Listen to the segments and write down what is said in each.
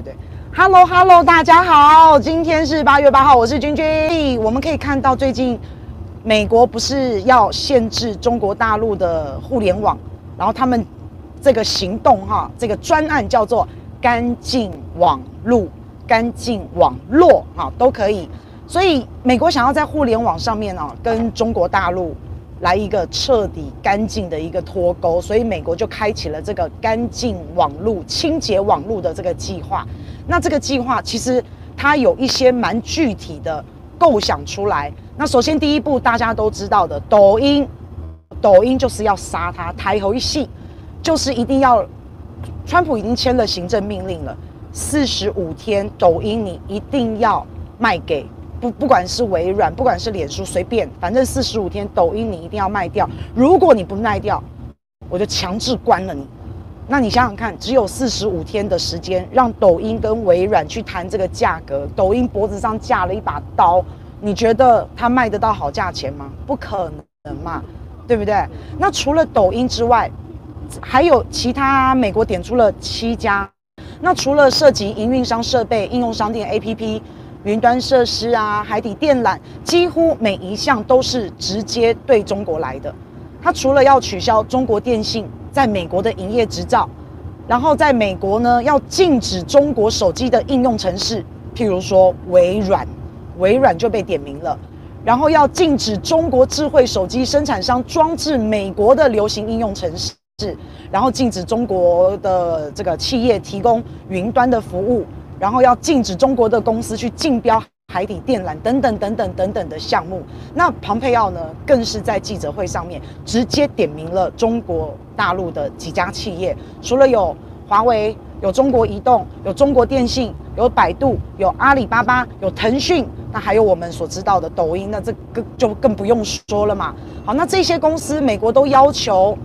對對，Hello Hello，大家好，今天是八月八號，我是鈞鈞。我們可以看到最近美國不是要限制中國大陸的互聯網，然後他們這個行動哈，這個專案叫做“乾淨網路”、“乾淨網絡”哈都可以。所以美國想要在互聯網上面哦、啊，跟中國大陸。來一個徹底乾淨的一個脫鈎，所以美國就開啟了這個乾淨網絡、清潔網絡的這個計劃。那這個計劃其實它有一些蠻具體的構想出來。那首先第一步，大家都知道的，抖音，抖音就是要殺它。抬頭一戲就是一定要，川普已經簽了行政命令了，四十五天，抖音你一定要賣給。不，不，不管是微軟，不管是臉書，隨便，反正四十五天，抖音你一定要賣掉。如果你不賣掉，我就強制關了你。那你想想看，只有四十五天的時間，讓抖音跟微軟去談這個價格。抖音脖子上架了一把刀，你覺得它賣得到好價錢嗎？不可能嘛，對不對？那除了抖音之外，還有其他美國點出了七家。那除了涉及營運商設備、應用商店、APP。雲端設施啊，海底電纜，幾乎每一項都是直接對中國來的。它除了要取消中國電信在美國的營業執照，然後在美國呢，要禁止中國手機的應用程式，譬如說微軟，微軟就被點名了。然後要禁止中國智慧手機生產商裝置美國的流行應用程式，然後禁止中國的這個企業提供雲端的服務。然後要禁止中國的公司去競標海底電纜等等等等等等的項目。那龐佩奧呢，更是在記者會上面直接點名了中國大陸的幾家企業，除了有華為、有中國移動、有中國電信、有百度、有阿里巴巴、有騰訊，那還有我們所知道的抖音，那這個就更不用說了嘛。好，那這些公司，美國都要求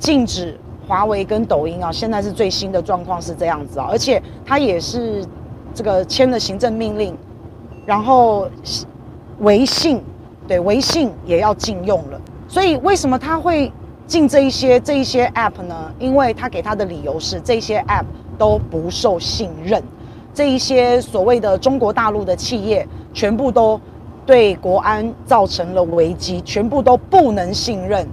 禁止。華為跟抖音啊，現在是最新的狀況是這樣子啊，而且他也是這個簽了行政命令，然後微信，對，微信也要禁用了。所以為什麼他會禁這一些這一些 App 呢？因為他給他的理由是這些 App 都不受信任，這一些所謂的中國大陸的企業全部都對國安造成了危機，全部都不能信任，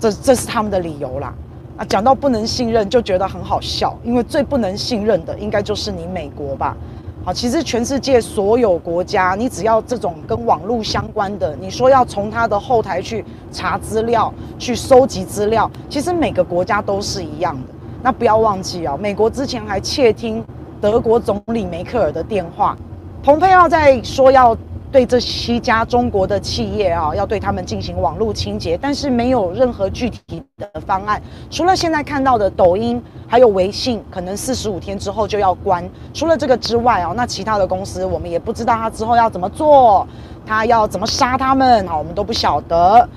這這是他們的理由啦。啊，講到不能信任就覺得很好笑，因為最不能信任的應該就是你美國吧？好，其實全世界所有國家，你只要這種跟網絡相關的，你說要從他的後台去查資料、去收集資料，其實每個國家都是一樣的。那不要忘記啊、哦，美國之前還竊聽德國總理梅克爾的電話，蓬佩奧在說要。對這七家中國的企業啊，要對他們進行網絡清潔，但是沒有任何具體的方案。除了現在看到的抖音，還有微信，可能四十五天之後就要關。除了這個之外啊，那其他的公司我們也不知道他之後要怎麼做，他要怎麼殺他們啊，我們都不曉得，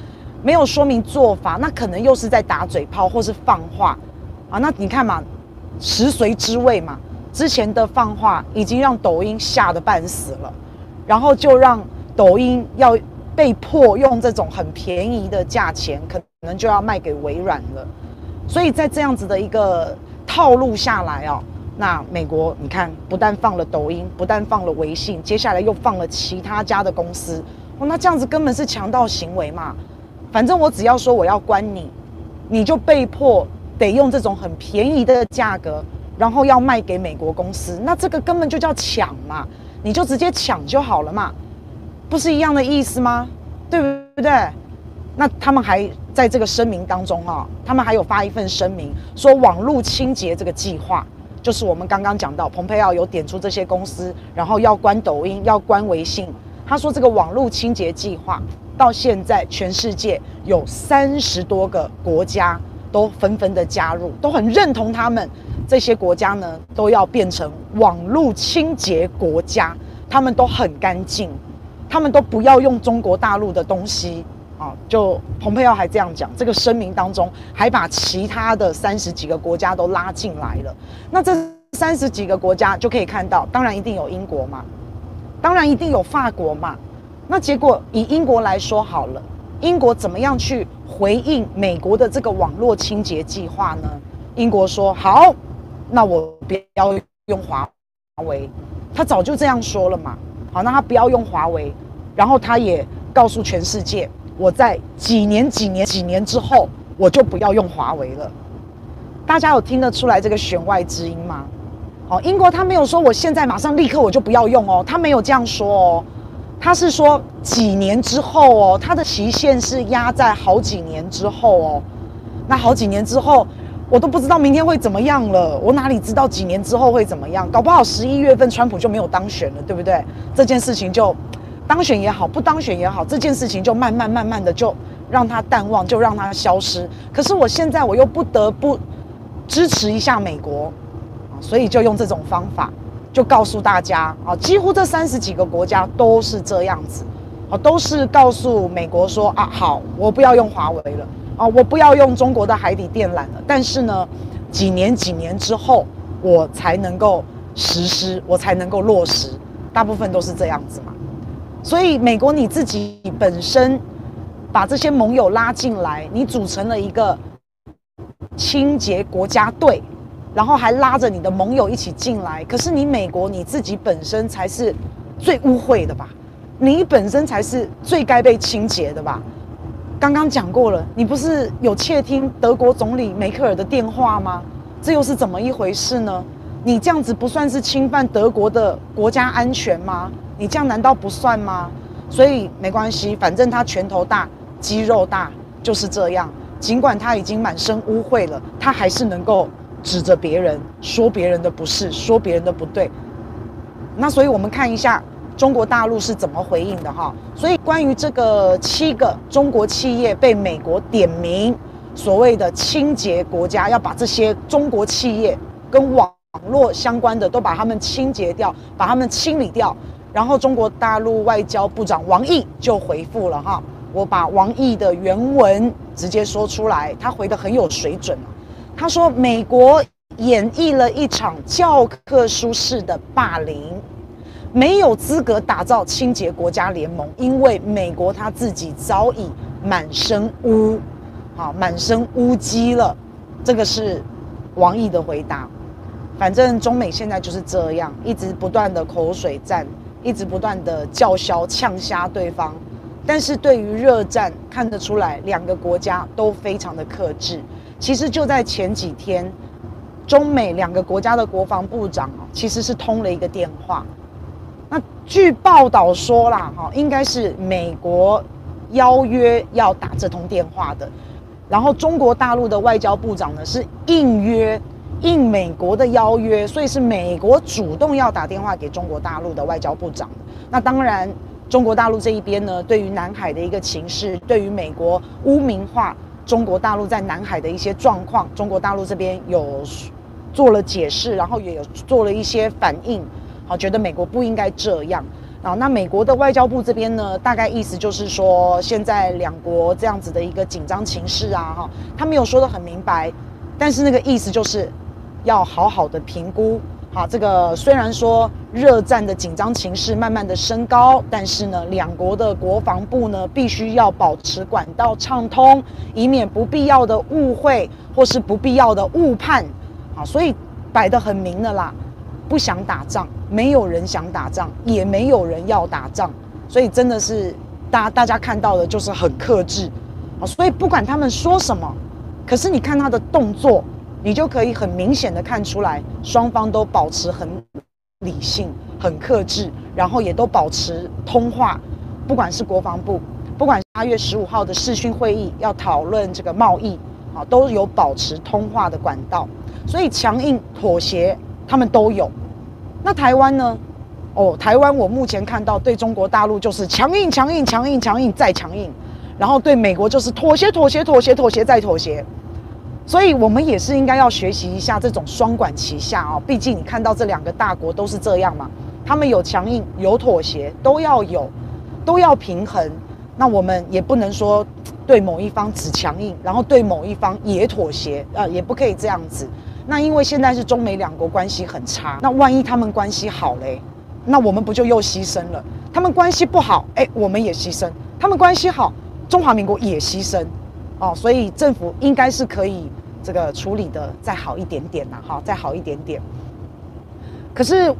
沒有說明做法，那可能又是在打嘴炮或是放話啊。那你看嘛，食髓知味嘛，之前的放話已經讓抖音嚇得半死了。然後就讓抖音要被迫用這種很便宜的價錢，可能就要賣給微軟了。所以在這樣子的一個套路下來哦，那美國你看，不但放了抖音，不但放了微信，接下來又放了其他家的公司。哦，那這樣子根本是強盜行為嘛？反正我只要說我要關你，你就被迫得用這種很便宜的價格，然後要賣給美國公司。那這個根本就叫搶嘛！你就直接搶就好了嘛，不是一樣的意思嗎？對不對？那他們還在這個聲明當中啊、哦，他們還有發一份聲明說，網絡清潔這個計劃，就是我們剛剛講到，蓬佩奧有點出這些公司，然後要關抖音，要關微信。他說這個網絡清潔計劃到現在，全世界有三十多個國家都紛紛的加入，都很認同他們。這些國家呢，都要變成網絡清潔國家，他們都很乾淨，他們都不要用中國大陸的東西啊。就蓬佩奧還這樣講，這個聲明當中還把其他的三十幾個國家都拉進來了。那這三十幾個國家就可以看到，當然一定有英國嘛，當然一定有法國嘛。那結果以英國來說好了，英國怎麼樣去回應美國的這個網絡清潔計劃呢？英國說好，那我不要用華華為，他早就這樣說了嘛。好，那他不要用華為，然後他也告訴全世界，我在幾年、幾年、幾年之後，我就不要用華為了。大家有聽得出來這個弦外之音嗎？好，英國他沒有說我現在馬上立刻我就不要用哦，他沒有這樣說哦，他是說幾年之後哦，他的期限是壓在好幾年之後哦。那好幾年之後。我都不知道明天會怎麼樣了，我哪裡知道幾年之後會怎麼樣？搞不好十一月份川普就沒有當選了，對不對？這件事情就當選也好，不當選也好，這件事情就慢慢慢慢的就讓它淡忘，就讓它消失。可是我現在我又不得不支持一下美國啊，所以就用這種方法，就告訴大家啊，幾乎這三十幾個國家都是這樣子啊，都是告訴美國說啊，好，我不要用華為了。啊、哦，我不要用中國的海底電纜了，但是呢，幾年幾年之後我才能夠實施，我才能夠落實，大部分都是這樣子嘛。所以美國你自己本身把這些盟友拉進來，你組成了一個清潔國家隊，然後還拉着你的盟友一起進來，可是你美國你自己本身才是最污穢的吧？你本身才是最該被清潔的吧？剛剛講過了，你不是有竊聽德國總理梅克爾的電話嗎？這又是怎麼一回事呢？你這樣子不算是侵犯德國的國家安全嗎？你這樣難道不算嗎？所以沒關係，反正他拳頭大，肌肉大，就是這樣。儘管他已經滿身污穢了，他還是能夠指着別人說別人的不是，說別人的不對。那所以我們看一下。中國大陸是怎麼回應的哈？所以關於這個七個中國企業被美國點名，所謂的清潔國家要把這些中國企業跟網絡相關的都把它們清潔掉，把它們清理掉。然後中國大陸外交部長王毅就回復了哈，我把王毅的原文直接說出來，他回得很有水準。他說：“美國演繹了一場教科書式的霸凌。”沒有資格打造清潔國家聯盟，因為美國他自己早已滿身污，好滿身污跡了。這個是王毅的回答。反正中美現在就是這樣，一直不斷的口水戰，一直不斷的叫囂嗆瞎對方。但是對於熱戰，看得出來兩個國家都非常的克制。其實就在前幾天，中美兩個國家的國防部長哦，其實是通了一個電話。據報道說啦，哈，應該是美國邀約要打這通電話的，然後中國大陸的外交部長呢是應約，應美國的邀約，所以是美國主動要打電話給中國大陸的外交部長。那當然，中國大陸這一邊呢，對於南海的一個情勢，對於美國污名化中國大陸在南海的一些狀況，中國大陸這邊有做了解釋，然後也有做了一些反應。好，覺得美國不應該這樣。好，那美國的外交部這邊呢，大概意思就是說，現在兩國這樣子的一個緊張情勢啊，哈，他沒有說的很明白，但是那個意思就是要好好的評估。好，這個雖然說熱戰的緊張情勢慢慢的升高，但是呢，兩國的國防部呢必須要保持管道暢通，以免不必要的誤會或是不必要的誤判。好，所以擺得很明的啦。不想打仗，沒有人想打仗，也沒有人要打仗，所以真的是大大家看到的就是很克制，啊。所以不管他們說什麼，可是你看他的動作，你就可以很明顯的看出來，雙方都保持很理性、很克制，然後也都保持通話，不管是國防部，不管是八月十五號的視訊會議要討論這個貿易，啊，都有保持通話的管道，所以強硬妥協。他們都有，那台灣呢？哦，台灣我目前看到對中國大陸就是強硬、強硬、強硬、強硬再強硬，然後對美國就是妥協、妥協、妥協、妥協再妥協。所以我們也是應該要學習一下這種雙管齊下啊、哦！畢竟你看到這兩個大國都是這樣嘛，他們有強硬有妥協，都要有，都要平衡。那我們也不能說對某一方只強硬，然後對某一方也妥協，啊、呃，也不可以這樣子。那因為現在是中美兩國關係很差，那萬一他們關係好嘞，那我們不就又犧牲了？他們關係不好，誒，我們也犧牲；他們關係好，中華民國也犧牲，哦，所以政府應該是可以這個處理的再好一點點吶，哈，再好一點點。可是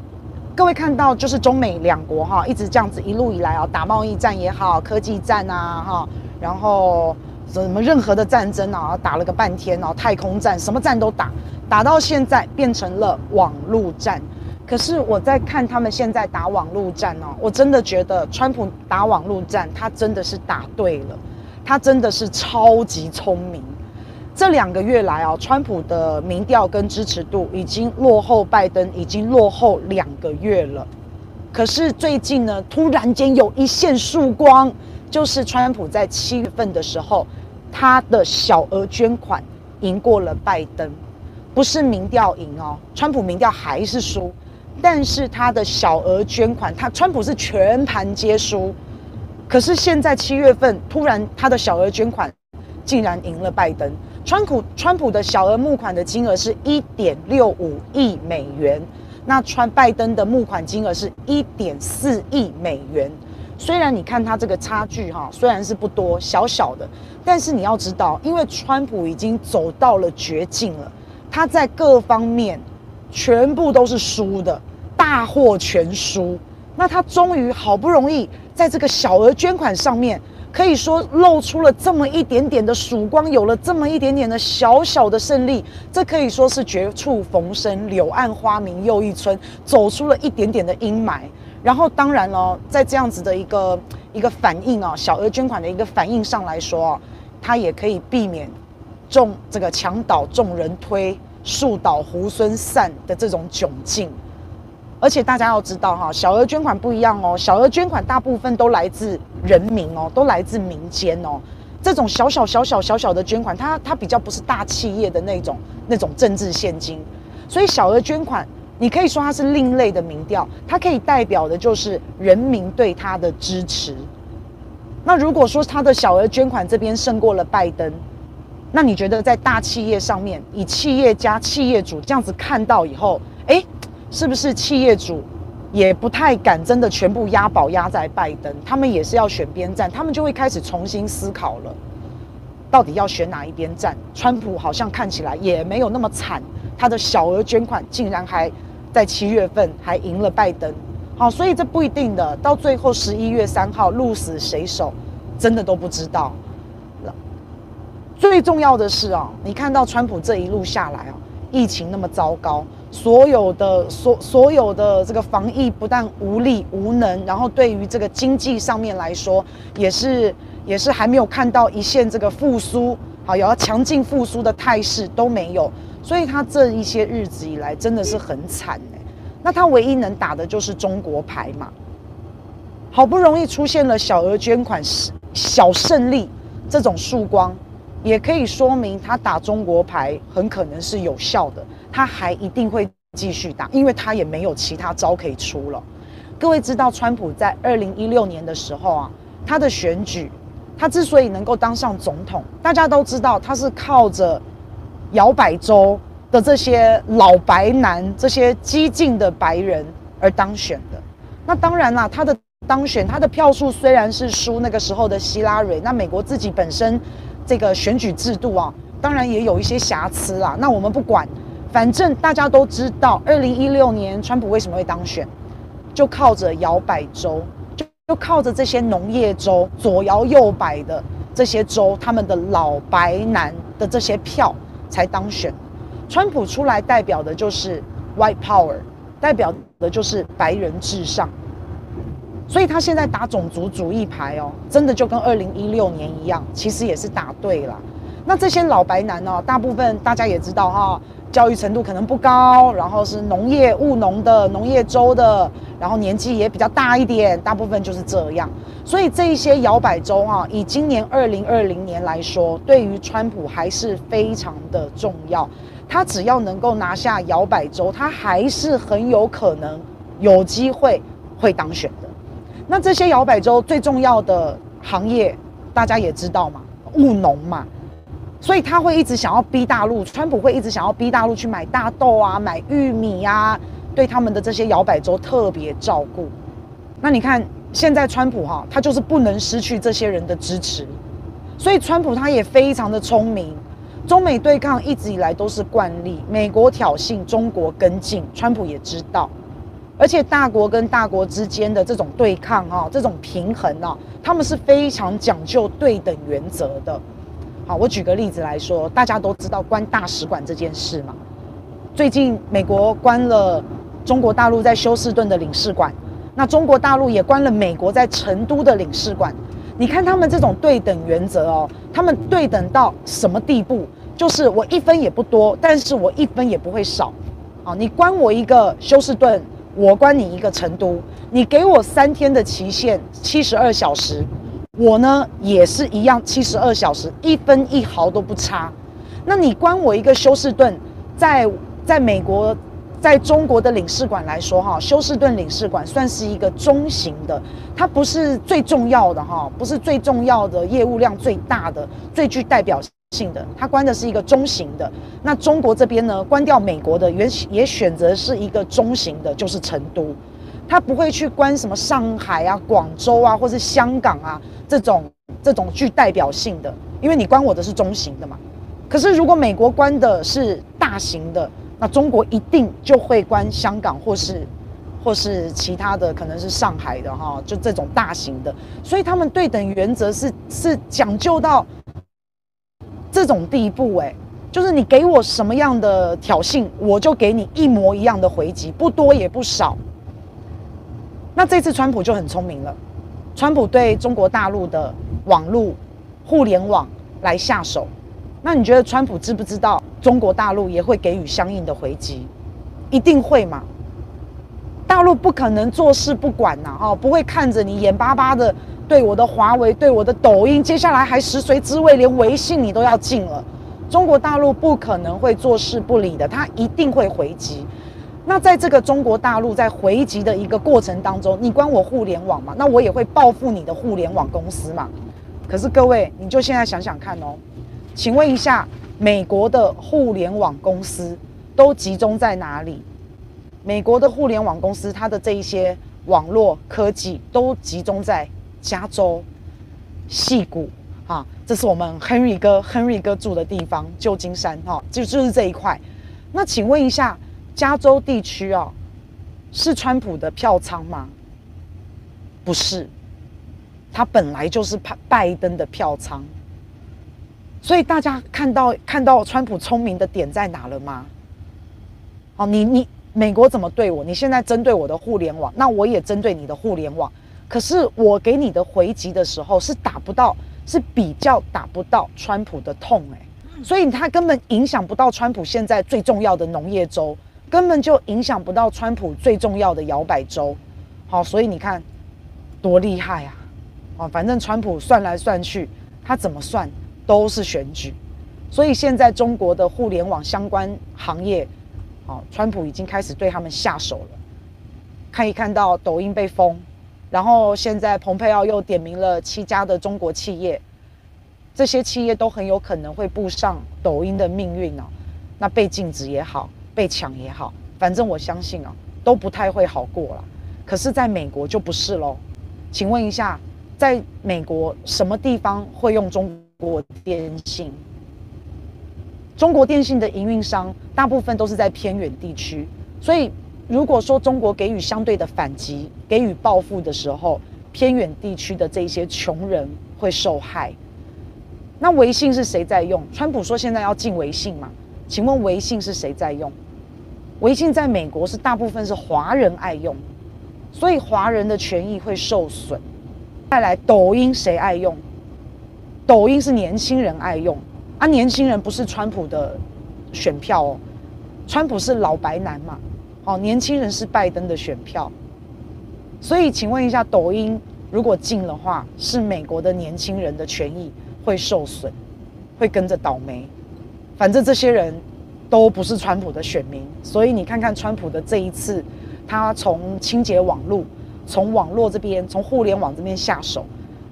各位看到，就是中美兩國哈，一直這樣子一路以來啊，打貿易戰也好，科技戰啊，哈，然後。什麼任何的戰爭啊，打了個半天哦、啊，太空戰什麼戰都打，打到現在變成了網絡戰。可是我在看他們現在打網絡戰哦、啊，我真的覺得川普打網絡戰，他真的是打對了，他真的是超級聰明。這兩個月來啊，川普的民調跟支持度已經落後拜登，已經落後兩個月了。可是最近呢，突然間有一線曙光。就是川普在七月份的時候，他的小額捐款贏過了拜登，不是民調贏哦，川普民調還是輸，但是他的小額捐款，他川普是全盤皆輸，可是現在七月份突然他的小額捐款竟然贏了拜登，川普川普的小額募款的金額是一點六五億美元，那川拜登的募款金額是一點四億美元。雖然你看他這個差距哈、啊，雖然是不多小小的，但是你要知道，因為川普已經走到了絕境了，他在各方面全部都是輸的，大獲全輸。那他終於好不容易在這個小額捐款上面，可以說露出了這麼一點點的曙光，有了這麼一點點的小小的勝利，這可以說是絕處逢生，柳暗花明又一村，走出了一點點的陰霾。然後當然嘍，在這樣子的一個一個反應哦、啊，小額捐款的一個反應上來說哦、啊，它也可以避免，眾，這個牆倒眾人推，樹倒猢猻散的這種窘境。而且大家要知道哈、啊，小額捐款不一樣哦，小額捐款大部分都來自人民哦，都來自民間哦。這種小小小小小小的捐款它，它它比較不是大企業的那種那種政治獻金，所以小額捐款，你可以說它是另類的民調，它可以代表的就是人民對他的支持。那如果說他的小額捐款這邊勝過了拜登，那你覺得在大企業上面，以企業家、企業主這樣子看到以後，哎、欸，是不是企業主也不太敢真的全部押寶押在拜登？他們也是要選邊站，他們就會開始重新思考了，到底要選哪一邊站？川普好像看起來也沒有那麼慘，他的小額捐款竟然還。在七月份還贏了拜登，好，哦，所以這不一定的。到最後十一月三號鹿死誰手，真的都不知道了。最重要的是啊，哦，你看到川普這一路下來啊，哦，疫情那麼糟糕，所有的所所有的這個防疫不但無力無能，然後對於這個經濟上面來說，也是也是還沒有看到一線這個復甦，好，有要強勁復甦的態勢都沒有。所以他這一些日子以來真的是很慘哎，那他唯一能打的就是中國牌嘛，好不容易出現了小額捐款、小勝利這種曙光，也可以說明他打中國牌很可能是有效的，他還一定會繼續打，因為他也沒有其他招可以出了。各位知道，川普在二零一六年的時候啊，他的選舉，他之所以能夠當上總統，大家都知道，他是靠着。搖擺州的這些老白男，這些激進的白人而當選的。那當然啦，他的當選，他的票數雖然是輸那個時候的希拉蕊。那美國自己本身這個選舉制度啊，當然也有一些瑕疵啦。那我們不管，反正大家都知道，二零一六年川普為什麼會當選，就靠着搖擺州，就就靠着這些農業州左搖右擺的這些州，他們的老白男的這些票。才當選，川普出來代表的就是 white power，代表的就是白人至上，所以他現在打種族主義牌哦，真的就跟二零一六年一樣，其實也是打對了。那這些老白男哦，大部分大家也知道哈、哦，教育程度可能不高，然後是農業務農的農業州的。然後年紀也比較大一點，大部分就是這樣。所以這一些搖擺州啊，以今年二零二零年來說，對於川普還是非常的重要。他只要能夠拿下搖擺州，他還是很有可能有機會會當選的。那這些搖擺州最重要的行業，大家也知道嘛，務農嘛，所以他會一直想要逼大陸，川普會一直想要逼大陸去買大豆啊，買玉米呀、啊。對他們的這些搖擺州特別照顧，那你看現在川普哈啊，他就是不能失去這些人的支持，所以川普他也非常的聰明。中美對抗一直以來都是慣例，美國挑釁，中國跟進，川普也知道。而且大國跟大國之間的這種對抗啊，這種平衡啊，他們是非常講究對等原則的。好，我舉個例子來說，大家都知道關大使館這件事嘛，最近美國關了。中國大陸在休斯頓的領事館，那中國大陸也關了美國在成都的領事館。你看他們這種對等原則哦，他們對等到什麼地步？就是我一分也不多，但是我一分也不會少。啊、哦，你關我一個休斯頓，我關你一個成都，你給我三天的期限，七十二小時，我呢也是一樣，七十二小時，一分一毫都不差。那你關我一個休斯頓，在在美國，在中國的領事館來說，哈，休斯頓領事館算是一個中型的，它不是最重要的哈，不是最重要的業務量最大的、最具代表性的，它關的是一個中型的。那中國這邊呢，關掉美國的，也也選擇是一個中型的，就是成都，它不會去關什麼上海啊、廣州啊或是香港啊這種這種具代表性的，因為你關我的是中型的嘛。可是如果美國關的是大型的，那中國一定就會關香港，或是，或是其他的，可能是上海的哈，就這種大型的，所以他們對等原則是是講究到這種地步哎，就是你給我什麼樣的挑釁，我就給你一模一樣的回擊，不多也不少。那這次川普就很聰明了，川普對中國大陸的網絡互聯網來下手。那你覺得川普知不知道中國大陸也會給予相應的回擊？一定會嘛？大陸不可能坐視不管吶、啊！哈、哦，不會看着你眼巴巴的對我的華為、對我的抖音，接下來還食髓知味，連微信你都要禁了。中國大陸不可能會坐視不理的，他一定會回擊。那在這個中國大陸在回擊的一個過程當中，你關我互聯網嘛？那我也會報復你的互聯網公司嘛？可是各位，你就現在想想看哦。請問一下，美國的互聯網公司都集中在哪裡？美國的互聯網公司，它的這一些網絡科技都集中在加州、矽谷，啊，這是我們亨利哥，亨利哥住的地方，舊金山，哈、啊，就就是這一塊。那請問一下，加州地區啊、哦，是川普的票倉嗎？不是，他本來就是派拜登的票倉。所以大家看到看到川普聰明的點在哪了嗎？哦，你你美國怎麼對我？你現在針對我的互聯網，那我也針對你的互聯網。可是我給你的回擊的時候是打不到，是比較打不到川普的痛誒、欸。所以他根本影響不到川普現在最重要的農業州，根本就影響不到川普最重要的搖擺州。好、哦，所以你看多厲害啊！哦，反正川普算來算去，他怎麼算？都是選舉，所以現在中國的互聯網相關行業，好、啊，川普已經開始對他們下手了。看一看到抖音被封，然後現在蓬佩奧又點名了七家的中國企業，這些企業都很有可能會步上抖音的命運哦、啊。那被禁止也好，被搶也好，反正我相信啊，都不太會好過了。可是在美國就不是嘍？請問一下，在美國什麼地方會用中？中國電信，中國電信的營運商大部分都是在偏遠地區，所以如果說中國給予相對的反擊、給予報復的時候，偏遠地區的這些窮人會受害。那微信是誰在用？川普說現在要禁微信嘛？請問微信是誰在用？微信在美國是大部分是華人愛用，所以華人的權益會受損。再來，抖音誰愛用？抖音是年輕人愛用，啊，年輕人不是川普的選票哦，川普是老白男嘛，好，哦，年輕人是拜登的選票，所以請問一下，抖音如果禁的話，是美國的年輕人的權益會受損，會跟着倒霉。反正這些人都不是川普的選民，所以你看看川普的這一次，他從清潔網絡，從網絡這邊，從互聯網這邊下手。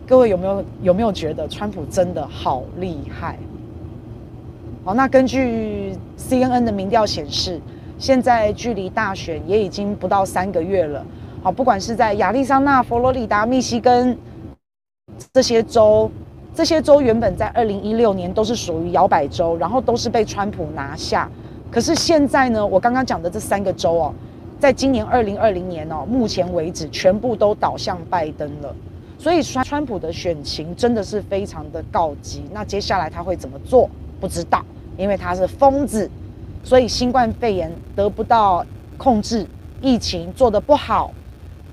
各位有沒有有沒有覺得川普真的好厲害？好，那根據 CNN 的民調顯示，現在距離大選也已經不到三個月了。好，不管是在亞利桑那、佛羅里達、密西根這些州，這些州原本在二零一六年都是屬於搖擺州，然後都是被川普拿下。可是現在呢，我剛剛講的這三個州哦，在今年二零二零年哦，目前為止全部都倒向拜登了。所以川普的選情真的是非常的告急，那接下來他會怎麼做？不知道，因為他是瘋子，所以新冠肺炎得不到控制，疫情做得不好，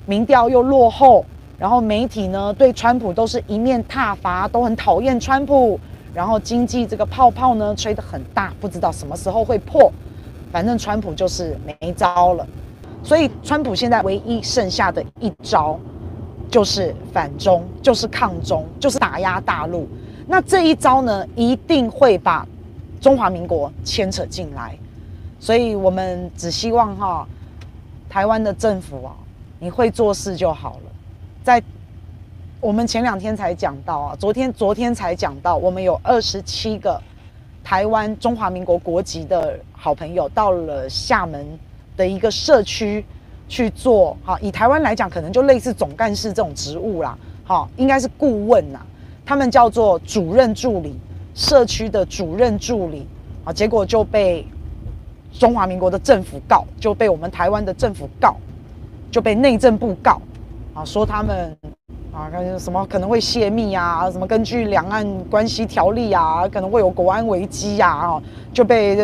民調又落後，然後媒體呢對川普都是一面撻伐，都很討厭川普，然後經濟這個泡泡呢吹得很大，不知道什麼時候會破，反正川普就是沒招了，所以川普現在唯一剩下的一招。就是反中，就是抗中，就是打壓大陸。那這一招呢，一定會把中華民國牽扯進來。所以我們只希望哈，台灣的政府啊，你會做事就好了。在我們前兩天才講到啊，昨天昨天才講到，我們有二十七個台灣中華民國國籍的好朋友到了廈門的一個社區。去做哈，以台灣來講，可能就類似總幹事這種職務啦，哈，應該是顧問吶。他們叫做主任助理，社區的主任助理，啊，結果就被中華民國的政府告，就被我們台灣的政府告，就被內政部告，啊，說他們啊，跟什麼可能會洩密啊，什麼根據兩岸關係條例啊，可能會有國安危機啊，就被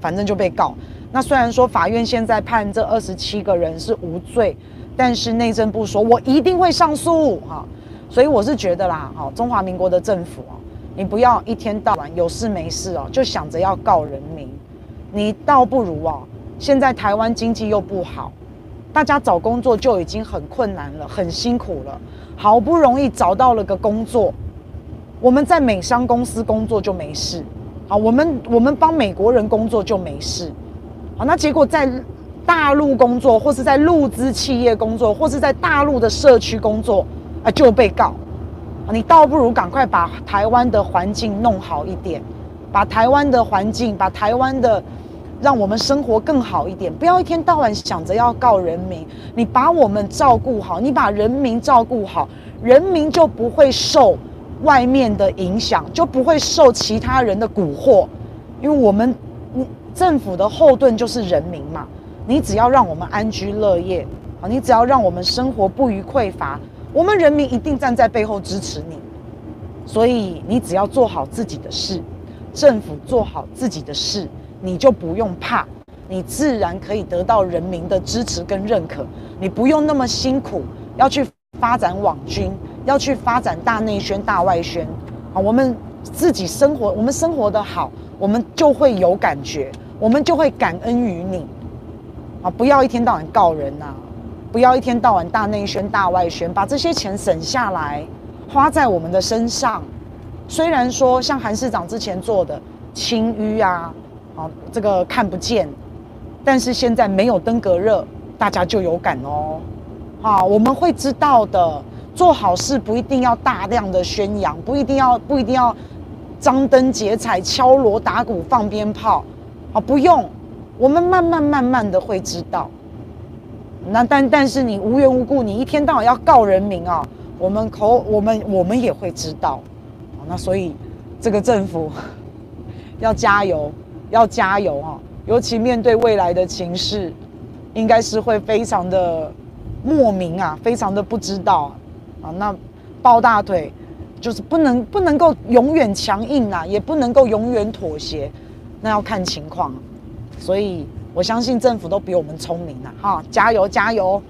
反正就被告。那雖然說法院現在判這二十七個人是無罪，但是內政部說，我一定會上訴哈。所以我是覺得啦哈，中華民國的政府哦，你不要一天到晚有事沒事哦，就想着要告人民，你倒不如哦，現在台灣經濟又不好，大家找工作就已經很困難了，很辛苦了，好不容易找到了個工作，我們在美商公司工作就沒事，好，我們我們幫美國人工作就沒事。好，那結果在大陸工作，或是在陸資企業工作，或是在大陸的社區工作，啊、呃，就被告。啊，你倒不如趕快把台灣的環境弄好一點，把台灣的環境，把台灣的，讓我們生活更好一點。不要一天到晚想着要告人民，你把我們照顧好，你把人民照顧好，人民就不會受外面的影響，就不會受其他人的蠱惑，因為我們。政府的後盾就是人民嘛，你只要讓我們安居樂業啊，你只要讓我們生活不虞匱乏，我們人民一定站在背後支持你。所以你只要做好自己的事，政府做好自己的事，你就不用怕，你自然可以得到人民的支持跟認可。你不用那麼辛苦要去發展網軍，要去發展大內宣、大外宣啊。我們自己生活，我們生活得好，我們就會有感覺。我們就會感恩於你，啊！不要一天到晚告人吶，啊，不要一天到晚大內宣、大外宣，把這些錢省下來，花在我們的身上。雖然說像韓市長之前做的清淤啊，啊，這個看不見，但是現在沒有登革熱，大家就有感哦，啊我們會知道的。做好事不一定要大量的宣揚，不一定要不一定要張燈結彩、敲鑼打鼓、放鞭炮。啊，不用，我們慢慢慢慢的會知道。那但但是你無緣無故，你一天到晚要告人民啊，我們口我們我們也會知道。啊，那所以這個政府要加油，要加油啊！尤其面對未來的情勢，應該是會非常的莫名啊，非常的不知道啊。那抱大腿就是不能不能夠永遠強硬啊，也不能夠永遠妥協。那要看情況，所以我相信政府都比我們聰明了哈，加油加油！